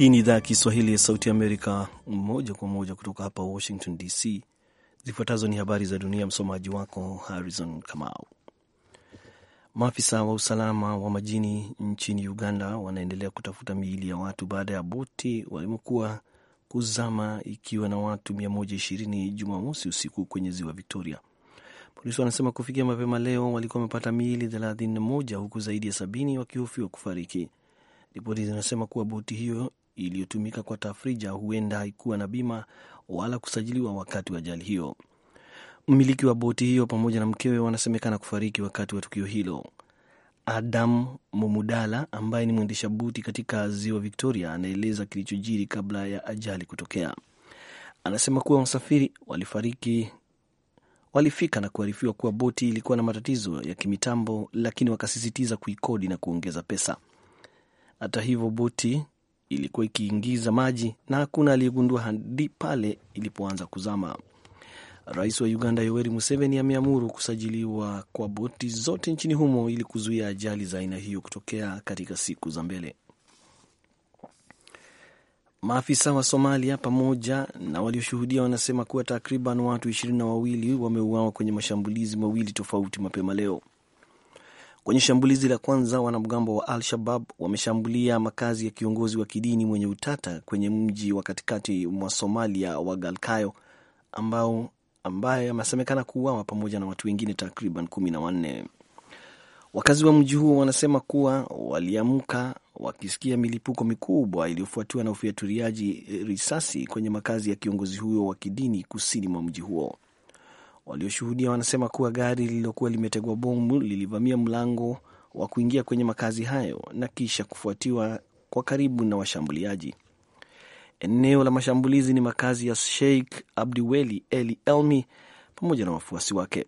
Hii ni idhaa ya Kiswahili ya Sauti ya Amerika, moja kwa moja kutoka hapa Washington DC. Zifuatazo ni habari za dunia, msomaji wako Harrison Kamau. Maafisa wa usalama wa majini nchini Uganda wanaendelea kutafuta miili ya watu baada ya boti walimokuwa kuzama ikiwa na watu 120 Jumamosi usiku kwenye ziwa Victoria. Polisi wanasema kufikia mapema leo walikuwa wamepata miili 31 huku zaidi ya sabini wakihofiwa kufariki. Ripoti zinasema kuwa boti hiyo iliyotumika kwa tafrija huenda haikuwa na bima wala kusajiliwa wakati wa ajali hiyo. Mmiliki wa boti hiyo pamoja na mkewe wanasemekana kufariki wakati wa tukio hilo. Adam Mumudala ambaye ni mwendesha boti katika ziwa Victoria anaeleza kilichojiri kabla ya ajali kutokea. Anasema kuwa wasafiri walifariki walifika na kuarifiwa kuwa boti ilikuwa na matatizo ya kimitambo, lakini wakasisitiza kuikodi na kuongeza pesa. Hata hivyo, boti ilikuwa ikiingiza maji na hakuna aliyegundua hadi pale ilipoanza kuzama. Rais wa Uganda Yoweri Museveni ameamuru kusajiliwa kwa boti zote nchini humo ili kuzuia ajali za aina hiyo kutokea katika siku za mbele. Maafisa wa Somalia pamoja na walioshuhudia wanasema kuwa takriban watu ishirini na wawili wameuawa kwenye mashambulizi mawili tofauti mapema leo. Kwenye shambulizi la kwanza, wanamgambo wa Al-Shabab wameshambulia makazi ya kiongozi wa kidini mwenye utata kwenye mji wa katikati mwa Somalia wa Galkayo ambao ambaye amesemekana kuuawa pamoja na watu wengine takriban kumi na wanne. Wakazi wa mji huo wanasema kuwa waliamka wakisikia milipuko mikubwa iliyofuatiwa na ufiaturiaji risasi kwenye makazi ya kiongozi huyo wa kidini kusini mwa mji huo. Walioshuhudia wanasema kuwa gari lililokuwa limetegwa bomu lilivamia mlango wa kuingia kwenye makazi hayo na kisha kufuatiwa kwa karibu na washambuliaji. Eneo la mashambulizi ni makazi ya Sheikh Abdiweli Eli Elmi pamoja na wafuasi wake.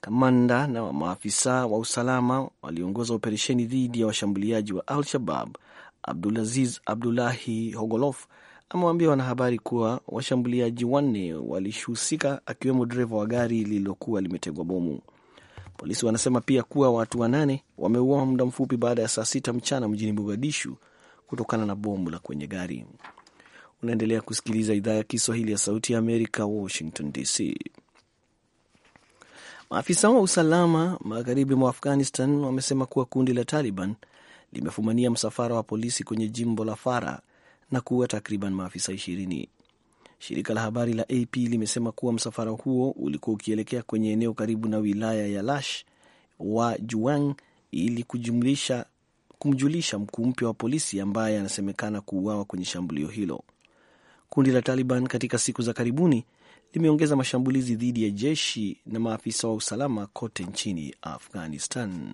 Kamanda na wa maafisa wa usalama waliongoza operesheni dhidi ya washambuliaji wa Al Shabab, Abdulaziz Abdulahi Hogolof amewaambia wanahabari kuwa washambuliaji wanne walihusika akiwemo dereva wa gari lililokuwa limetegwa bomu. Polisi wanasema pia kuwa watu wanane wameuawa muda mfupi baada ya saa sita mchana mjini Mogadishu kutokana na bomu la kwenye gari. Unaendelea kusikiliza idhaa ya Kiswahili ya Sauti ya Amerika, Washington DC. Maafisa wa usalama magharibi mwa Afghanistan wamesema kuwa kundi la Taliban limefumania msafara wa polisi kwenye jimbo la Fara na kuua takriban maafisa ishirini. Shirika la habari la AP limesema kuwa msafara huo ulikuwa ukielekea kwenye eneo karibu na wilaya ya Lash wa Juang ili kujumlisha kumjulisha mkuu mpya wa polisi ambaye anasemekana kuuawa kwenye shambulio hilo. Kundi la Taliban katika siku za karibuni limeongeza mashambulizi dhidi ya jeshi na maafisa wa usalama kote nchini Afghanistan.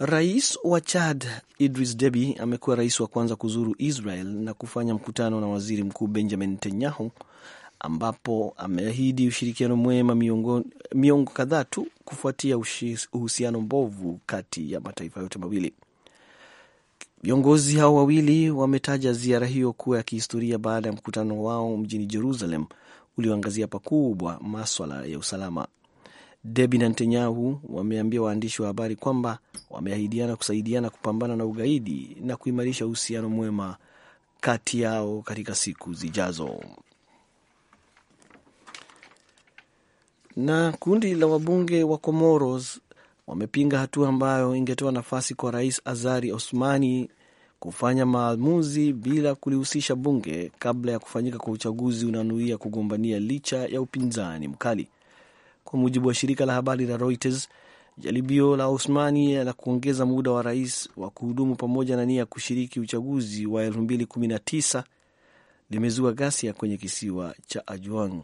Rais wa Chad Idris Deby amekuwa rais wa kwanza kuzuru Israel na kufanya mkutano na waziri mkuu Benjamin Netanyahu, ambapo ameahidi ushirikiano mwema miongo, miongo kadhaa tu kufuatia uhusiano mbovu kati ya mataifa yote mawili. Viongozi hao wawili wametaja ziara hiyo kuwa ya kihistoria baada ya mkutano wao mjini Jerusalem ulioangazia pakubwa maswala ya usalama. Debi na Netanyahu wameambia waandishi wa habari kwamba wameahidiana kusaidiana kupambana na ugaidi na kuimarisha uhusiano mwema kati yao katika siku zijazo. Na kundi la wabunge wa Comoros wamepinga hatua ambayo ingetoa nafasi kwa Rais Azari Osmani kufanya maamuzi bila kulihusisha bunge kabla ya kufanyika kwa uchaguzi unanuia kugombania licha ya upinzani mkali kwa mujibu wa shirika la habari la Reuters. Jaribio la Osmani la kuongeza muda wa rais wa kuhudumu pamoja na nia ya kushiriki uchaguzi wa 2019 limezua ghasia kwenye kisiwa cha Ajuang.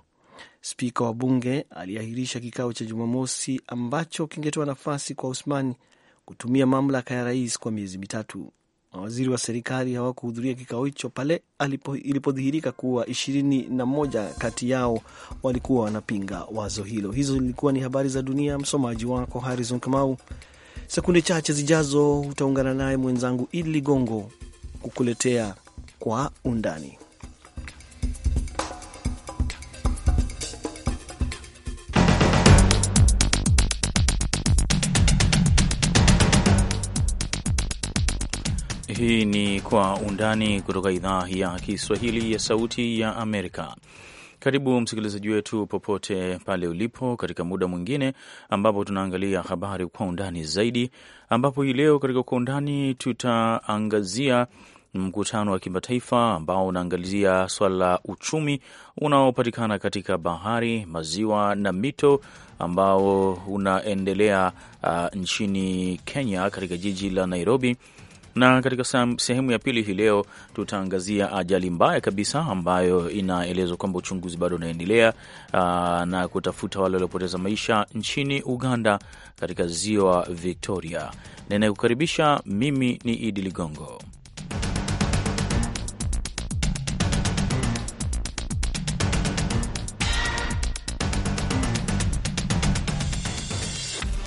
Spika wa bunge aliahirisha kikao cha Jumamosi ambacho kingetoa nafasi kwa Osmani kutumia mamlaka ya rais kwa miezi mitatu. Mawaziri wa serikali hawakuhudhuria kikao hicho pale ilipodhihirika kuwa ishirini na moja kati yao walikuwa wanapinga wazo hilo. Hizo zilikuwa ni habari za dunia. Msomaji wako Harrison Kamau. Sekunde chache zijazo utaungana naye mwenzangu Idi Ligongo kukuletea kwa undani. Hii ni Kwa Undani kutoka idhaa ya Kiswahili ya Sauti ya Amerika. Karibu msikilizaji wetu popote pale ulipo, katika muda mwingine ambapo tunaangalia habari kwa undani zaidi, ambapo hii leo katika Kwa Undani tutaangazia mkutano wa kimataifa ambao unaangalizia swala la uchumi unaopatikana katika bahari, maziwa na mito ambao unaendelea uh, nchini Kenya katika jiji la Nairobi na katika sehemu ya pili hii leo tutaangazia ajali mbaya kabisa ambayo inaelezwa kwamba uchunguzi bado unaendelea na kutafuta wale waliopoteza maisha nchini Uganda katika ziwa Victoria. Ninayekukaribisha mimi ni Idi Ligongo.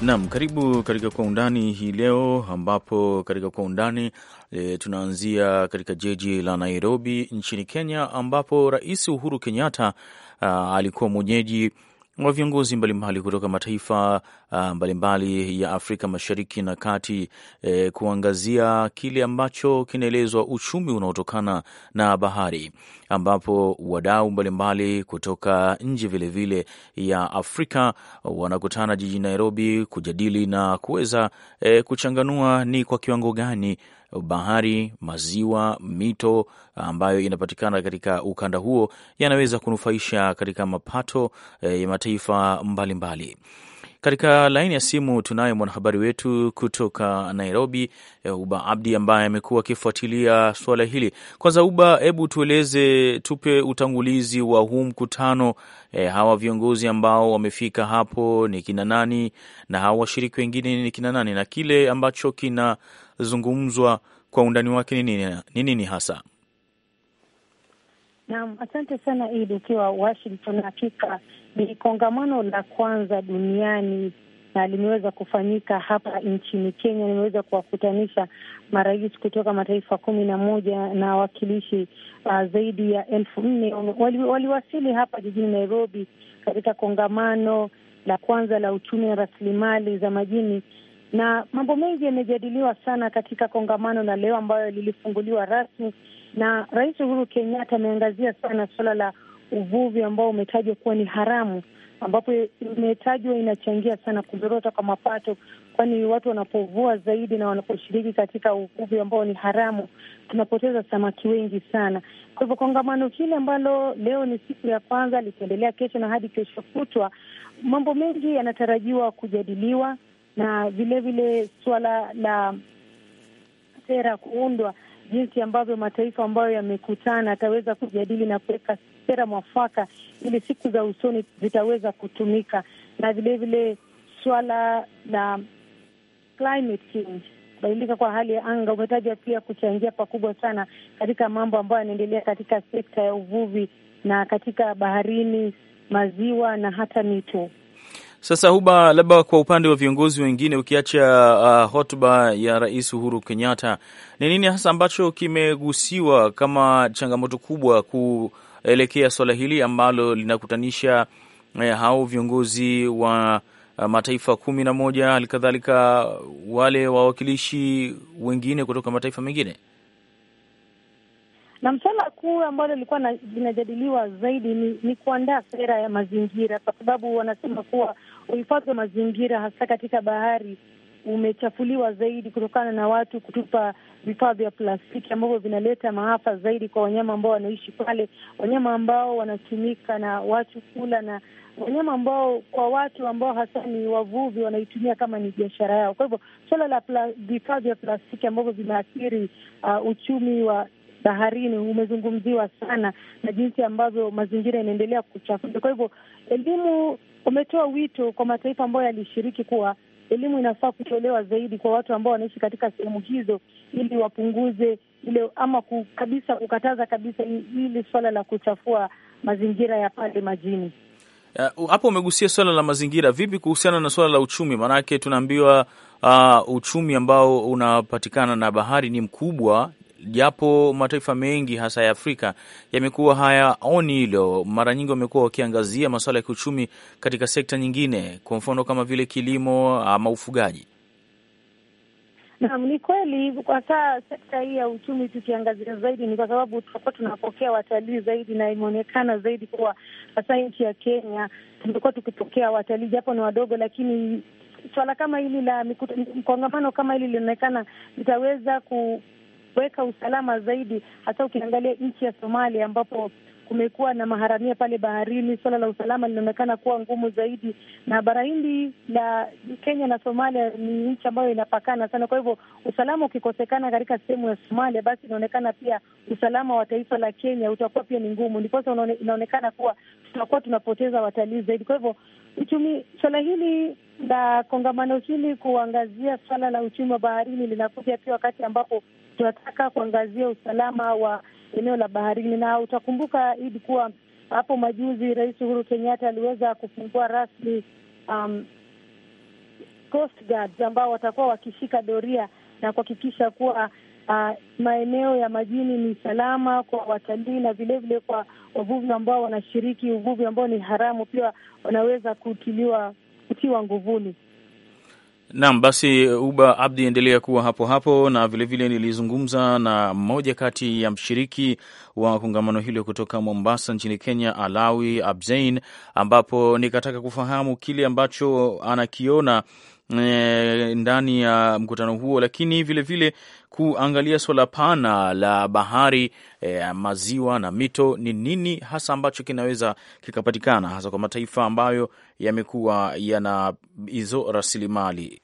Naam, karibu katika Kwa Undani hii leo, ambapo katika Kwa Undani e, tunaanzia katika jiji la Nairobi nchini Kenya, ambapo Rais Uhuru Kenyatta alikuwa mwenyeji wa viongozi mbalimbali kutoka mataifa mbalimbali mbali ya Afrika Mashariki na Kati e, kuangazia kile ambacho kinaelezwa uchumi unaotokana na bahari ambapo wadau mbalimbali kutoka nje vilevile ya Afrika wanakutana jijini Nairobi kujadili na kuweza e, kuchanganua ni kwa kiwango gani bahari, maziwa, mito ambayo inapatikana katika ukanda huo yanaweza kunufaisha katika mapato eh, ya mataifa mbalimbali mbali. Katika laini ya simu tunaye mwanahabari wetu kutoka Nairobi, Uba Abdi, ambaye amekuwa akifuatilia suala hili. Kwanza Uba, hebu tueleze, tupe utangulizi wa huu mkutano e, hawa viongozi ambao wamefika hapo ni kina nani na hawa washiriki wengine ni kina nani na kile ambacho kinazungumzwa kwa undani wake ni nini hasa? Naam, asante sana Idi, ukiwa Washington. Hakika ni kongamano la kwanza duniani na limeweza kufanyika hapa nchini Kenya. Limeweza kuwakutanisha marais kutoka mataifa kumi na moja na wawakilishi uh, zaidi ya elfu nne waliwasili wali hapa jijini Nairobi katika kongamano la kwanza la uchumi na rasilimali za majini, na mambo mengi yamejadiliwa sana katika kongamano la leo ambayo lilifunguliwa rasmi na Rais Uhuru Kenyatta ameangazia sana suala la uvuvi ambao umetajwa kuwa ni haramu, ambapo imetajwa inachangia sana kuzorota kwa mapato, kwani watu wanapovua zaidi na wanaposhiriki katika uvuvi ambao ni haramu, tunapoteza samaki wengi sana. Kwa hivyo kongamano hili ambalo leo ni siku ya kwanza, likiendelea kesho na hadi kesho kutwa, mambo mengi yanatarajiwa kujadiliwa na vilevile suala la sera kuundwa, jinsi ambavyo mataifa ambayo yamekutana ataweza kujadili na kuweka sera mwafaka ili siku za usoni zitaweza kutumika, na vilevile suala la climate change kubadilika kwa hali ya anga umetaja pia kuchangia pakubwa sana katika mambo ambayo yanaendelea katika sekta ya uvuvi na katika baharini, maziwa na hata mito. Sasa Huba, labda kwa upande wa viongozi wengine, ukiacha uh, hotuba ya Rais Uhuru Kenyatta, ni nini hasa ambacho kimegusiwa kama changamoto kubwa ku kuelekea swala hili ambalo linakutanisha eh, hao viongozi wa eh, mataifa kumi na moja, halikadhalika eh, wale wawakilishi wengine kutoka mataifa mengine. Na swala kuu ambalo ilikuwa linajadiliwa zaidi ni, ni kuandaa sera ya mazingira, kwa sababu wanasema kuwa uhifadhi wa mazingira hasa katika bahari umechafuliwa zaidi kutokana na watu kutupa vifaa vya plastiki ambavyo vinaleta maafa zaidi kwa wanyama ambao wanaishi pale, wanyama ambao wanatumika na watu kula, na wanyama ambao kwa watu ambao hasa ni wavuvi wanaitumia kama ni biashara yao. Kwa hivyo suala la vifaa vya plastiki ambavyo vinaathiri uh, uchumi wa baharini umezungumziwa sana na jinsi ambavyo mazingira yanaendelea kuchafuka. Kwa hivyo elimu umetoa wito kwa mataifa ambayo yalishiriki kuwa elimu inafaa kutolewa zaidi kwa watu ambao wanaishi katika sehemu hizo, ili wapunguze ile ama kabisa kukataza kabisa hili swala la kuchafua mazingira ya pale majini. Uh, hapo uh, umegusia swala la mazingira. Vipi kuhusiana na swala la uchumi? Maanake tunaambiwa uh, uchumi ambao unapatikana na bahari ni mkubwa japo mataifa mengi hasa ya Afrika yamekuwa hayaoni hilo. Mara nyingi wamekuwa wakiangazia masuala ya kiuchumi katika sekta nyingine, kwa mfano kama vile kilimo ama ufugaji. Naam, ni kweli. Kwa saa sekta hii ya uchumi tukiangazia zaidi, ni kwa sababu tutakuwa tunapokea watalii zaidi, na imeonekana zaidi kuwa hasa nchi ya Kenya tumekuwa tukipokea watalii japo ni wadogo, lakini swala kama hili la mkongamano kama hili linaonekana litaweza ku kuweka usalama zaidi, hasa ukiangalia nchi ya Somalia ambapo kumekuwa na maharamia pale baharini. Suala la usalama linaonekana kuwa ngumu zaidi, na bara Hindi la Kenya na Somalia ni nchi ambayo inapakana sana. Kwa hivyo usalama ukikosekana katika sehemu ya Somalia, basi inaonekana pia usalama wa taifa la Kenya utakuwa pia ni ngumu, ndiposa inaonekana kuwa tutakuwa tunapoteza watalii zaidi. Kwa hivyo uchumi, suala hili la kongamano hili kuangazia suala la uchumi wa baharini linakuja pia wakati ambapo tunataka kuangazia usalama wa eneo la baharini, na utakumbuka Idi kuwa hapo majuzi Rais Uhuru Kenyatta aliweza kufungua rasmi um, Coast Guards ambao watakuwa wakishika doria na kuhakikisha kuwa uh, maeneo ya majini ni salama kwa watalii na vilevile kwa wavuvi ambao wanashiriki uvuvi ambao ni haramu, pia wanaweza kutiliwa kutiwa nguvuni. Naam, basi Uba Abdi, endelea kuwa hapo hapo, na vilevile vile nilizungumza na mmoja kati ya mshiriki wa kongamano hilo kutoka Mombasa nchini Kenya, Alawi Abzein, ambapo nikataka kufahamu kile ambacho anakiona Eh, ndani ya mkutano huo, lakini vilevile vile kuangalia swala pana la bahari e, maziwa na mito. Ni nini hasa ambacho kinaweza kikapatikana hasa kwa mataifa ambayo yamekuwa yana hizo rasilimali?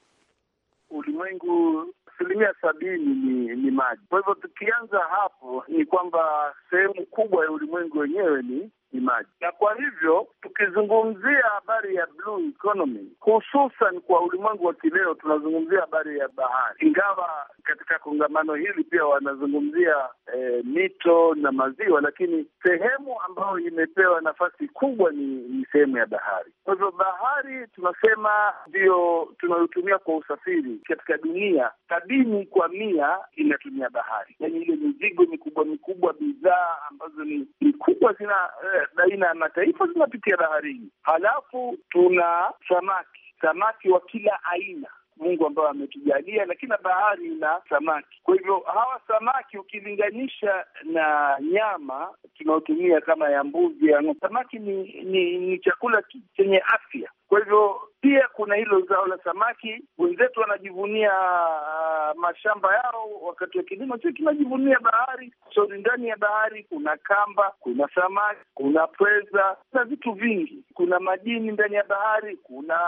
Ulimwengu asilimia sabini ni, ni maji. Kwa hivyo tukianza hapo, ni kwamba sehemu kubwa ya ulimwengu wenyewe ni ni maji, na kwa hivyo tukizungumzia habari ya blue economy, hususan kwa ulimwengu wa kileo, tunazungumzia habari ya bahari, ingawa katika kongamano hili pia wanazungumzia eh, mito na maziwa, lakini sehemu ambayo imepewa nafasi kubwa ni, ni sehemu ya bahari. Kwa hivyo bahari tunasema ndio tunayotumia kwa usafiri katika dunia, sabini kwa mia inatumia bahari, yaani ile mizigo mikubwa mikubwa, bidhaa ambazo ni kubwa zina eh, baina ya mataifa zinapitia baharini. Halafu tuna samaki, samaki wa kila aina Mungu ambayo ametujalia, na kila bahari ina samaki. Kwa hivyo hawa samaki ukilinganisha na nyama tunaotumia kama ya mbuzi, ya samaki ni, ni, ni chakula chenye afya kwa hivyo pia kuna hilo zao la samaki. Wenzetu wanajivunia uh, mashamba yao wakati wa kilimo, sio kinajivunia bahari. Sori, ndani ya bahari kuna kamba, kuna samaki, kuna pweza, kuna vitu vingi, kuna majini ndani ya bahari, kuna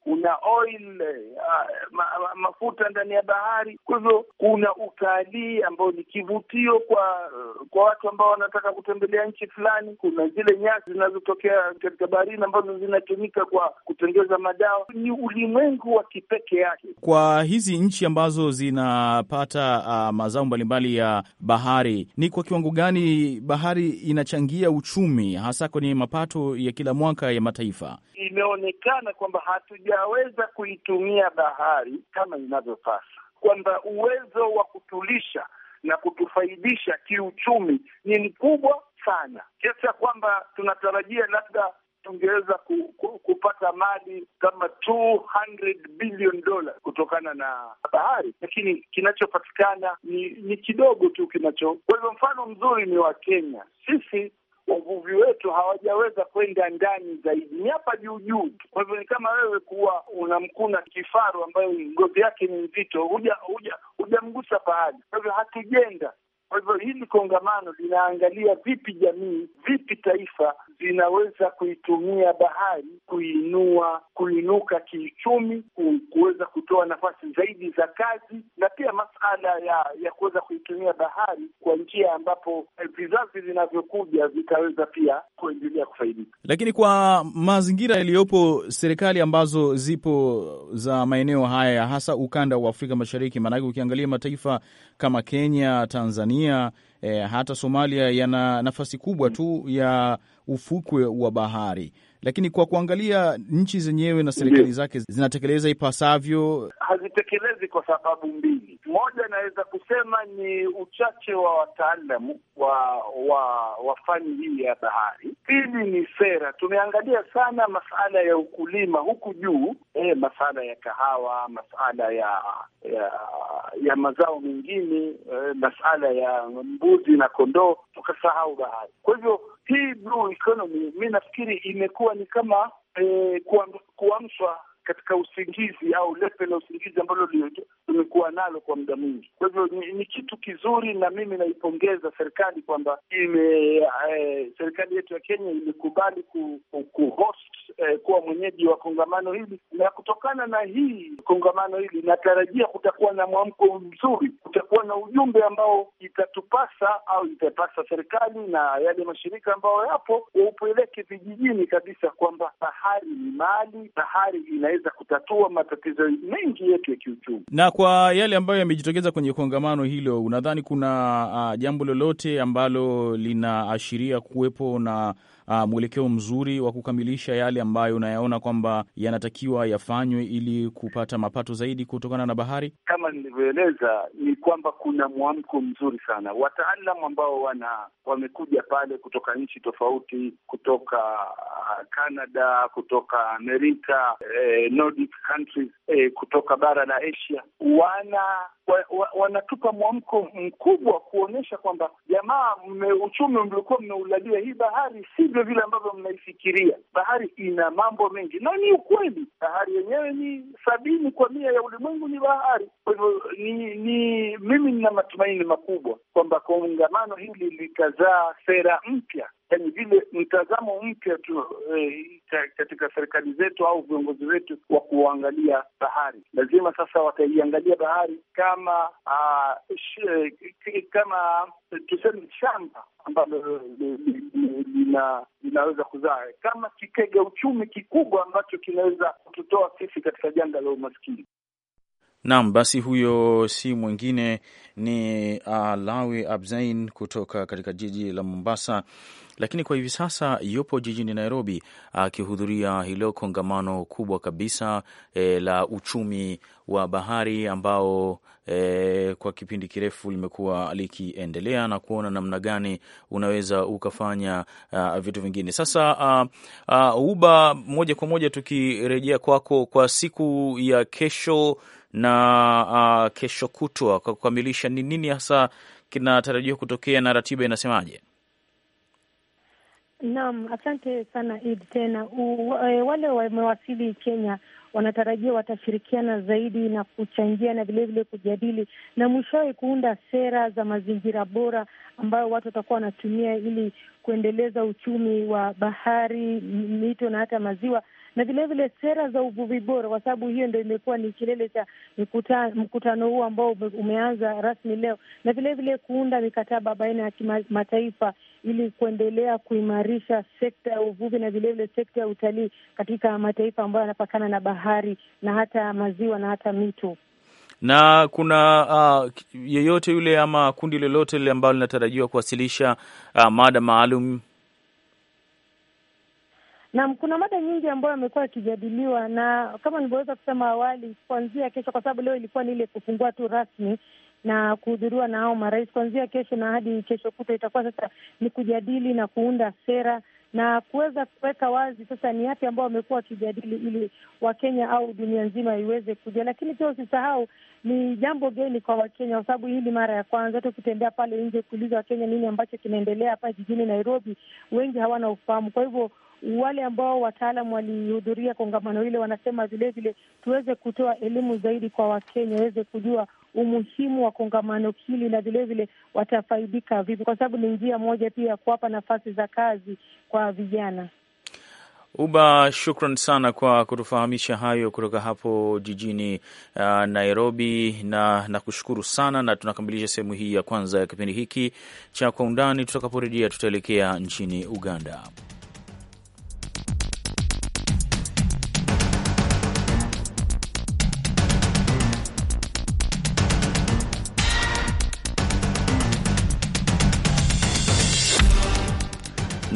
kuna oil uh, ma, ma, mafuta ndani ya bahari. Kwa hivyo kuna utalii ambao ni kivutio kwa kwa watu ambao wanataka kutembelea nchi fulani. Kuna zile nyasi zinazotokea katika baharini ambazo zinatumika kwa kwa kutengeza madawa. Ni ulimwengu wa kipeke yake. Kwa hizi nchi ambazo zinapata uh, mazao mbalimbali ya bahari, ni kwa kiwango gani bahari inachangia uchumi, hasa kwenye mapato ya kila mwaka ya mataifa? Imeonekana kwamba hatujaweza kuitumia bahari kama inavyopasa, kwamba uwezo wa kutulisha na kutufaidisha kiuchumi ni mkubwa sana kiasi ya kwamba tunatarajia labda tungeweza ku, ku, kupata mali kama 200 billion dola kutokana na bahari, lakini kinachopatikana ni, ni kidogo tu kinacho. Kwa hivyo mfano mzuri ni wa Kenya. Sisi wavuvi wetu hawajaweza kwenda ndani zaidi, ni hapa juu juu. Kwa hivyo ni kama wewe kuwa unamkuna kifaru ambayo ngozi yake ni nzito, hujamgusa pahali. Kwa hivyo hatujenda hili kongamano linaangalia vipi jamii, vipi taifa zinaweza kuitumia bahari kuinua, kuinuka kiuchumi, kuweza kutoa nafasi zaidi za kazi na pia ala ya ya kuweza kuitumia bahari kwa njia ambapo eh, vizazi vinavyokuja vitaweza pia kuendelea kufaidika. Lakini kwa mazingira yaliyopo, serikali ambazo zipo za maeneo haya hasa ukanda wa Afrika Mashariki, maanake ukiangalia mataifa kama Kenya, Tanzania E, hata Somalia yana nafasi kubwa tu ya ufukwe wa bahari, lakini kwa kuangalia nchi zenyewe na serikali zake zinatekeleza ipasavyo, hazitekelezi kazi kwa sababu mbili. Moja, naweza kusema ni uchache wa wataalamu wa wa wa fani hii ya bahari. Pili ni sera. Tumeangalia sana masala ya ukulima huku juu, eh, masala ya kahawa, masala ya ya, ya mazao mengine, eh, masala ya mbuzi na kondoo, tukasahau bahari. Kwa hivyo hii blue economy mi nafikiri imekuwa ni kama eh, kuamshwa katika usingizi au lepe la usingizi ambalo limekuwa nalo kwa muda mwingi. Kwa hivyo ni, ni kitu kizuri, na mimi naipongeza serikali kwamba ime eh, serikali yetu ya Kenya imekubali ku, ku, ku host eh, kuwa mwenyeji wa kongamano hili, na kutokana na hii kongamano hili natarajia kutakuwa na mwamko mzuri, kutakuwa na ujumbe ambao itatupasa au itapasa serikali na yale mashirika ambayo yapo waupeleke vijijini kabisa kwamba bahari ni mali, bahari ina tunaweza kutatua matatizo mengi yetu ya kiuchumi. Na kwa yale ambayo yamejitokeza kwenye kongamano hilo, unadhani kuna uh, jambo lolote ambalo linaashiria kuwepo na uh, mwelekeo mzuri wa kukamilisha yale ambayo unayaona kwamba yanatakiwa yafanywe ili kupata mapato zaidi kutokana na bahari? Kama nilivyoeleza, ni kwamba kuna mwamko mzuri sana, wataalamu ambao wana wamekuja pale kutoka nchi tofauti, kutoka ah, Canada, kutoka Amerika eh, Eh, nordic countries eh, kutoka bara la Asia wana wanatupa wa, wa mwamko mkubwa kuonyesha kwamba jamaa, uchumi mliokuwa mnaulalia hii bahari sivyo vile ambavyo mnaifikiria. Bahari ina mambo mengi na ni ukweli, bahari yenyewe ni sabini kwa mia ya ulimwengu ni bahari. Kwa hivyo ni, ni mimi nina matumaini makubwa kwamba kongamano hili litazaa sera mpya yani vile mtazamo mpya tu eh, katika serikali zetu au viongozi wetu wa kuangalia bahari. Lazima sasa wataiangalia bahari ka kama uh, kama tuseme shamba ambalo linaweza kuzaa kama kitega uchumi kikubwa ambacho kinaweza kututoa sisi katika janga la umaskini. Naam, basi huyo si mwingine ni uh, Lawi Abzain kutoka katika jiji la Mombasa, lakini kwa hivi sasa yupo jijini Nairobi akihudhuria uh, hilo kongamano kubwa kabisa eh, la uchumi wa bahari ambao eh, kwa kipindi kirefu limekuwa likiendelea na kuona namna gani unaweza ukafanya uh, vitu vingine. Sasa uh, uh, uba moja kwa moja tukirejea kwako kwa siku ya kesho na uh, kesho kutwa kwa kukamilisha, ni nini hasa kinatarajiwa kutokea na ratiba inasemaje? Naam, asante sana Id. Tena e, wale wamewasili Kenya wanatarajia watashirikiana zaidi na kuchangia na vilevile kujadili na mwishowe kuunda sera za mazingira bora ambayo watu watakuwa wanatumia ili kuendeleza uchumi wa bahari, mito na hata maziwa na vilevile sera za uvuvi bora, kwa sababu hiyo ndo imekuwa ni kilele cha mkutano huu ambao umeanza rasmi leo, na vilevile kuunda mikataba baina ya kimataifa ili kuendelea kuimarisha sekta ya uvuvi na vilevile sekta ya utalii katika mataifa ambayo yanapakana na bahari na hata maziwa na hata mito na kuna uh, yeyote yule ama kundi lolote lile ambalo linatarajiwa kuwasilisha uh, mada maalum Naam, kuna mada nyingi ambayo amekuwa akijadiliwa na kama nilivyoweza kusema awali, kuanzia kesho, kwa sababu leo ilikuwa ni ile kufungua tu rasmi na kuhudhuriwa na hao marais, kuanzia kesho na hadi kesho kutwa itakuwa sasa ni kujadili na kuunda sera na kuweza kuweka wazi sasa ni yapi ambao wamekuwa wakijadili ili Wakenya au dunia nzima iweze kuja. Lakini pia usisahau ni jambo geni kwa Wakenya, kwa sababu hii ni mara ya kwanza. Hata ukitembea pale nje kuuliza Wakenya nini ambacho kinaendelea hapa jijini Nairobi, wengi hawana ufahamu. Kwa hivyo wale ambao wataalam walihudhuria kongamano hile wanasema vilevile tuweze kutoa elimu zaidi kwa Wakenya waweze kujua umuhimu wa kongamano hili na vilevile watafaidika vipi, kwa sababu ni njia moja pia ya kuwapa nafasi za kazi kwa vijana. Uba, shukran sana kwa kutufahamisha hayo kutoka hapo jijini uh, Nairobi, na nakushukuru sana, na tunakamilisha sehemu hii ya kwanza ya kipindi hiki cha Kwa Undani. Tutakaporejea tutaelekea nchini Uganda.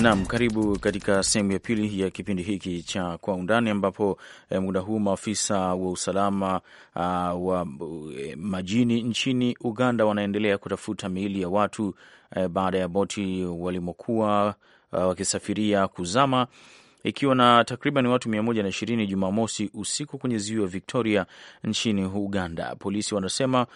Naam, karibu katika sehemu ya pili ya kipindi hiki cha Kwa Undani, ambapo eh, muda huu maafisa wa usalama uh, wa eh, majini nchini Uganda wanaendelea kutafuta miili ya watu eh, baada ya boti walimokuwa uh, wakisafiria kuzama ikiwa na takriban watu 120 Jumamosi usiku kwenye ziwa Victoria nchini Uganda. Polisi wanasema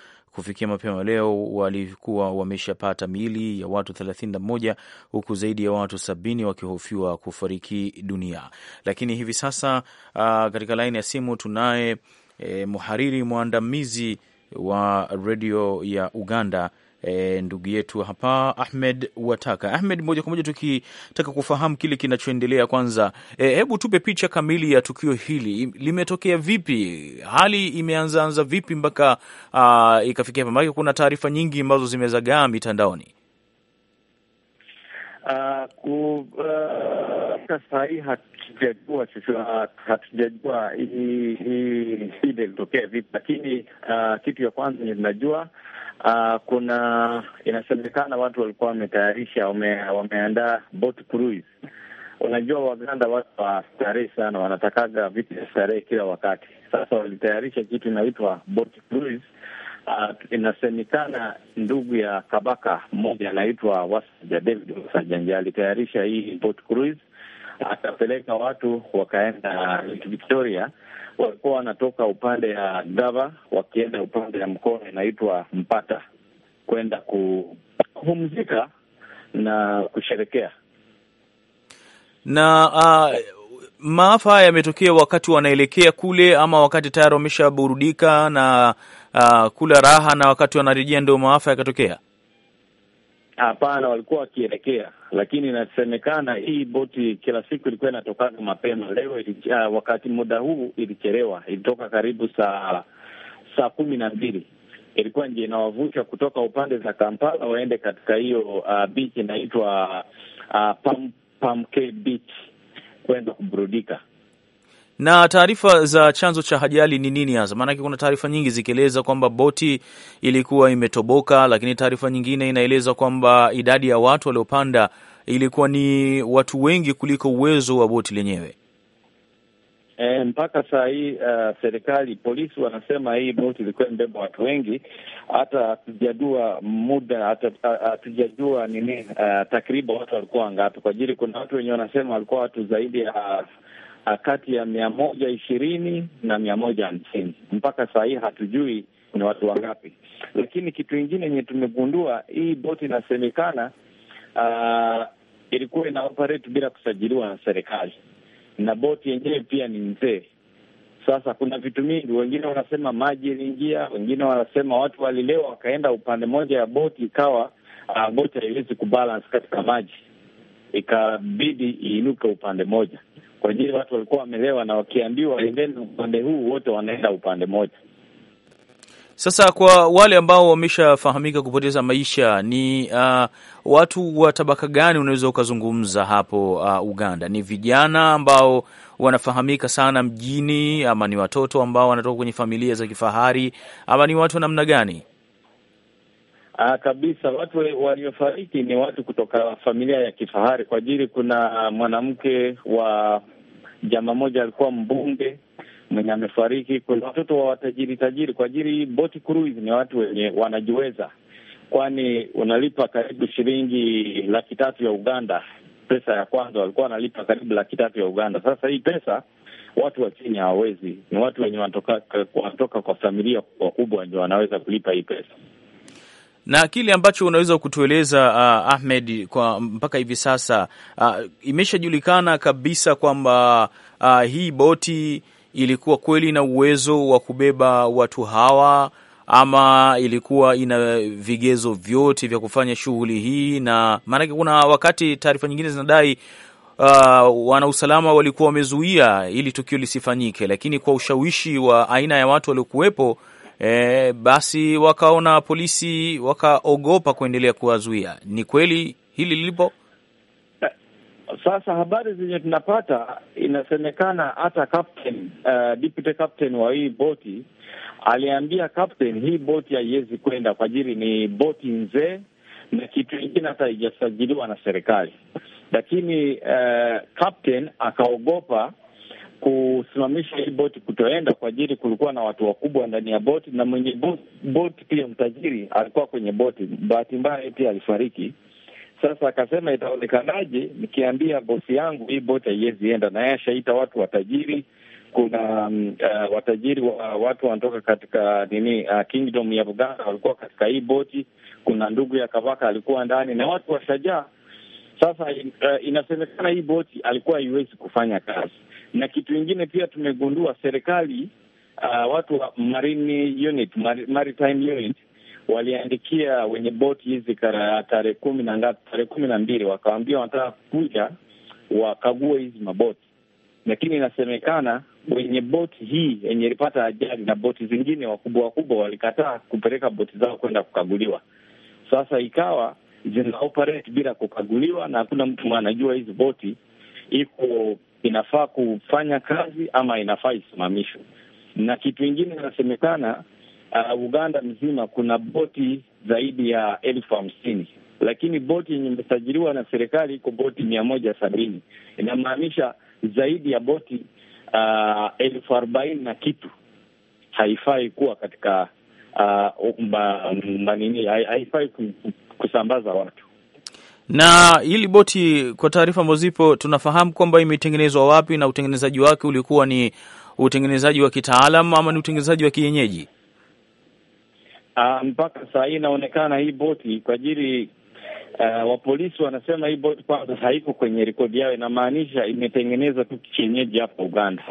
Kufikia mapema leo walikuwa wameshapata miili ya watu 31 huku zaidi ya watu sabini wakihofiwa kufariki dunia. Lakini hivi sasa uh, katika laini ya simu tunaye eh, mhariri mwandamizi wa redio ya Uganda e, ndugu yetu hapa Ahmed Wataka. Ahmed, moja kwa moja tukitaka kufahamu kile kinachoendelea kwanza, e, hebu tupe picha kamili ya tukio hili, limetokea vipi? Hali imeanzaanza vipi mpaka ikafikia hapa? Maanake kuna taarifa nyingi ambazo zimezagaa mitandaoni. Uh, ku, uh mpaka saa hii hatujajua ah, hatujajua hii shida ilitokea vipi, lakini uh, kitu ya kwanza ni tunajua uh, ah, kuna inasemekana watu walikuwa wametayarisha wame, wameandaa boat cruise. Unajua Waganda watu wa starehe sana, wanatakaga vitu vya starehe kila wakati. Sasa walitayarisha kitu inaitwa boat cruise. Uh, inasemekana ndugu ya Kabaka mmoja anaitwa Wasajja David Wasajja ndiye alitayarisha hii boat cruise atapeleka watu wakaenda Victoria, walikuwa wanatoka upande ya Dava wakienda upande ya mkoa inaitwa Mpata kwenda kupumzika na kusherekea na uh maafa haya yametokea wakati wanaelekea kule ama wakati tayari wameshaburudika na uh, kula raha, na wakati wanarejea ndio maafa yakatokea. Hapana, walikuwa wakielekea, lakini inasemekana hii boti kila siku ilikuwa inatokaga mapema. Leo uh, wakati muda huu ilichelewa, ilitoka karibu saa saa kumi na mbili ilikuwa nje inawavusha kutoka upande za Kampala waende katika hiyo uh, beach inaitwa uh, Pam, Pamke beach kwenda kuburudika na taarifa za chanzo cha ajali ni nini hasa? Maanake kuna taarifa nyingi zikieleza kwamba boti ilikuwa imetoboka, lakini taarifa nyingine inaeleza kwamba idadi ya watu waliopanda ilikuwa ni watu wengi kuliko uwezo wa boti lenyewe. E, mpaka saa hii uh, serikali polisi wanasema hii boti ilikuwa imebeba watu wengi. Hata hatujajua muda, hatujajua nini, uh, takriban watu walikuwa wangapi, kwa ajili kuna watu wenye wanasema walikuwa watu zaidi ya Uh, kati ya mia moja ishirini na mia moja hamsini mpaka saa hii hatujui ni watu wangapi. Lakini kitu ingine yenye tumegundua, hii boti inasemekana uh, ilikuwa ina operate bila kusajiliwa na serikali, na boti yenyewe pia ni nzee. Sasa kuna vitu mingi, wengine wanasema maji iliingia, wengine wanasema watu walilewa wakaenda upande moja ya boti, ikawa uh, boti haiwezi kubalance katika maji, ikabidi iinuke upande moja kwa ajili watu walikuwa wamelewa na wakiambiwa endeni upande huu, wote wanaenda upande moja Sasa kwa wale ambao wameshafahamika kupoteza maisha ni uh, watu wa tabaka gani unaweza ukazungumza hapo uh, Uganda? Ni vijana ambao wanafahamika sana mjini, ama ni watoto ambao wanatoka kwenye familia za kifahari, ama ni watu wa namna gani? Ah, kabisa. Watu waliofariki ni watu kutoka familia ya kifahari kwa ajili, kuna mwanamke wa jamaa moja alikuwa mbunge mwenye amefariki. Kuna watoto wa watajiri tajiri kwa ajili. boat cruise ni watu wenye wanajiweza, kwani unalipa karibu shilingi laki tatu ya Uganda. Pesa ya kwanza walikuwa wanalipa karibu laki tatu ya Uganda. Sasa hii pesa watu wa chini hawawezi, ni watu wenye wanatoka kwa familia wakubwa ndio wanaweza kulipa hii pesa na kile ambacho unaweza kutueleza uh, Ahmed, kwa mpaka hivi sasa uh, imeshajulikana kabisa kwamba uh, hii boti ilikuwa kweli na uwezo wa kubeba watu hawa ama ilikuwa ina vigezo vyote vya kufanya shughuli hii? Na maanake kuna wakati taarifa nyingine zinadai uh, wanausalama walikuwa wamezuia ili tukio lisifanyike, lakini kwa ushawishi wa aina ya watu waliokuwepo e, basi wakaona polisi wakaogopa kuendelea kuwazuia. Ni kweli hili lilipo sasa? Habari zenye tunapata inasemekana hata captain, uh, deputy captain wa hii boti aliambia captain, hii boti haiwezi kwenda kwa ajili ni boti nzee na kitu ingine hata haijasajiliwa na serikali, lakini uh, captain akaogopa kusimamisha hii boti kutoenda kwa ajili kulikuwa na watu wakubwa ndani ya boti na mwenye boti, pia mtajiri alikuwa kwenye boti. Bahati mbaya pia alifariki. Sasa akasema itaonekanaje nikiambia bosi yangu hii boti haiwezi enda, na yeye ashaita watu watajiri. Kuna uh, watajiri wa watu wanatoka katika nini, uh, kingdom ya Uganda walikuwa katika hii boti. Kuna ndugu ya Kabaka alikuwa ndani na watu washajaa. Sasa uh, inasemekana hii boti alikuwa haiwezi kufanya kazi na kitu ingine pia tumegundua serikali, uh, watu wa marine unit, maritime unit waliandikia wenye boti hizi tarehe kumi na ngapi, tarehe kumi na mbili, wakawambia wanataka kuja wakague hizi maboti, lakini inasemekana wenye boti hii yenye ilipata ajali na boti zingine wakubwa wakubwa walikataa kupeleka boti zao kwenda kukaguliwa. Sasa ikawa zina operate bila kukaguliwa, na hakuna mtu anajua hizi boti iko inafaa kufanya kazi ama inafaa isimamishwe. Na kitu ingine inasemekana, uh, Uganda mzima kuna boti zaidi ya elfu hamsini lakini boti yenye imesajiliwa na serikali iko boti mia moja sabini inamaanisha zaidi ya boti uh, elfu arobaini na kitu haifai kuwa katika uh, mba, mba nini haifai kusambaza watu. Na hili boti, kwa taarifa ambazo zipo, tunafahamu kwamba imetengenezwa wapi na utengenezaji wake ulikuwa ni utengenezaji wa kitaalam ama ni utengenezaji wa kienyeji? Uh, mpaka saa hii inaonekana hii boti kwa ajili uh, wa polisi wanasema hii boti kwanza haiko kwenye rekodi yao, inamaanisha imetengenezwa tu kienyeji hapa Uganda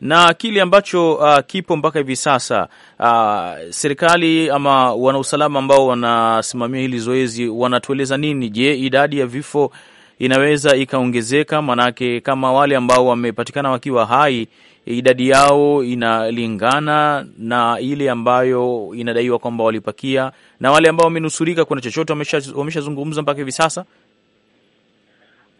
na kile ambacho uh, kipo mpaka hivi sasa uh, serikali ama wanausalama ambao wanasimamia hili zoezi wanatueleza nini? Je, idadi ya vifo inaweza ikaongezeka? Maanake kama wale ambao wamepatikana wakiwa hai idadi yao inalingana na ile ambayo inadaiwa kwamba walipakia, na wale ambao wamenusurika, kuna chochote wameshazungumza wamesha mpaka hivi sasa?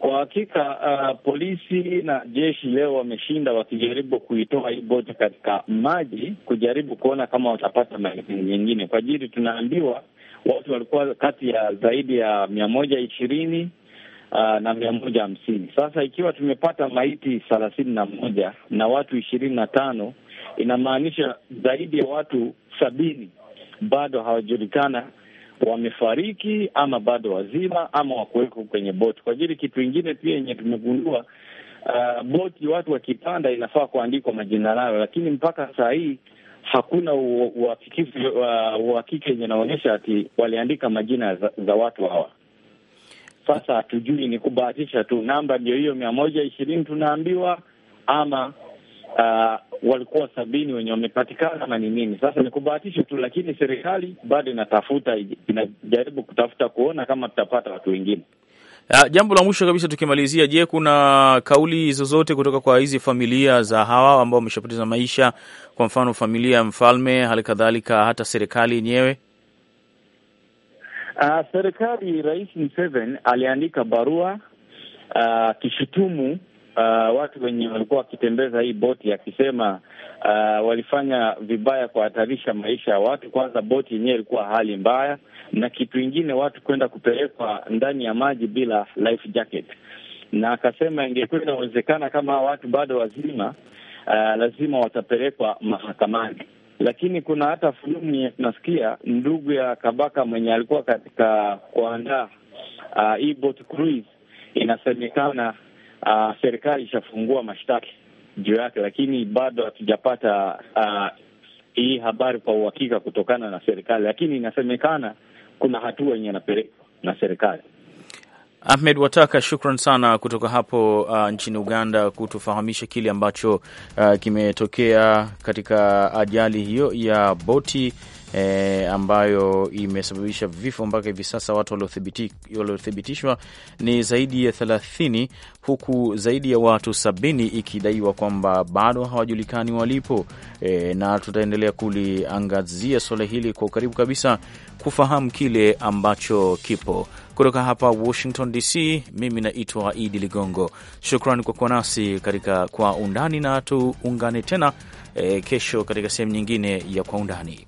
Kwa hakika uh, polisi na jeshi leo wameshinda wakijaribu kuitoa hii boti katika maji, kujaribu kuona kama watapata maiti nyingine, kwa jiri tunaambiwa watu walikuwa kati ya zaidi ya mia moja ishirini uh, na mia moja hamsini. Sasa ikiwa tumepata maiti thelathini na moja na watu ishirini na tano inamaanisha zaidi ya watu sabini bado hawajulikana wamefariki ama bado wazima ama wakuweko kwenye boti. Kwa ajili kitu ingine pia yenye tumegundua uh, boti watu wakipanda inafaa kuandikwa majina nayo, lakini mpaka saa hii hakuna uh, uhakiki yenye inaonyesha ati waliandika majina za, za watu hawa. Sasa hatujui, ni kubahatisha tu. Namba ndio hiyo mia moja ishirini tunaambiwa ama uh, walikuwa sabini wenye wamepatikana na ni nini. Sasa ni kubahatisha tu, lakini serikali bado inatafuta, inajaribu kutafuta kuona kama tutapata watu wengine. Uh, jambo la mwisho kabisa tukimalizia, je, kuna kauli zozote kutoka kwa hizi familia za hawa ambao wameshapoteza maisha, kwa mfano familia ya mfalme, hali kadhalika hata serikali yenyewe? Uh, serikali, Rais Museveni aliandika barua akishutumu uh, uh, watu wenye walikuwa wakitembeza hii boti akisema uh, walifanya vibaya kuhatarisha maisha ya watu. Kwanza boti yenyewe ilikuwa hali mbaya, na kitu ingine watu kwenda kupelekwa ndani ya maji bila life jacket, na akasema ingekuwa inawezekana kama watu bado wazima uh, lazima watapelekwa mahakamani lakini kuna hata fulani yenye tunasikia ndugu ya Kabaka mwenye alikuwa katika kuandaa uh, hii boat cruise, inasemekana uh, serikali ishafungua mashtaki juu yake, lakini bado hatujapata uh, hii habari kwa uhakika kutokana na serikali, lakini inasemekana kuna hatua yenye anapelekwa na serikali. Ahmed Wataka, shukran sana kutoka hapo uh, nchini Uganda kutufahamisha kile ambacho uh, kimetokea katika ajali hiyo ya boti eh, ambayo imesababisha vifo mpaka hivi sasa. Watu waliothibitishwa ni zaidi ya thelathini huku zaidi ya watu sabini ikidaiwa kwamba bado hawajulikani walipo. E, na tutaendelea kuliangazia suala hili kwa ukaribu kabisa kufahamu kile ambacho kipo. Kutoka hapa Washington DC, mimi naitwa Idi Ligongo. Shukran kwa kuwa nasi katika Kwa Undani, na tuungane tena e, kesho katika sehemu nyingine ya Kwa Undani.